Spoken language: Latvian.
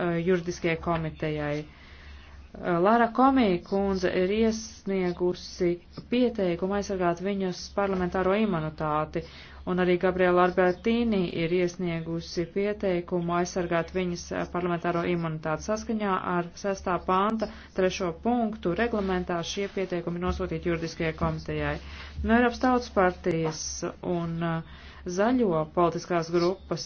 Uh, juridiskajai komitejai. Uh, Lara Komija kundze ir iesniegusi pieteikumu aizsargāt viņas parlamentāro imunitāti, un arī Gabriela Albertīni ir iesniegusi pieteikumu aizsargāt viņas uh, parlamentāro imunitāti. Saskaņā ar 6. panta 3. punktu reglamentā šie pieteikumi nosūtīti juridiskajai komitejai. No Eiropas tautas partijas un zaļo politiskās grupas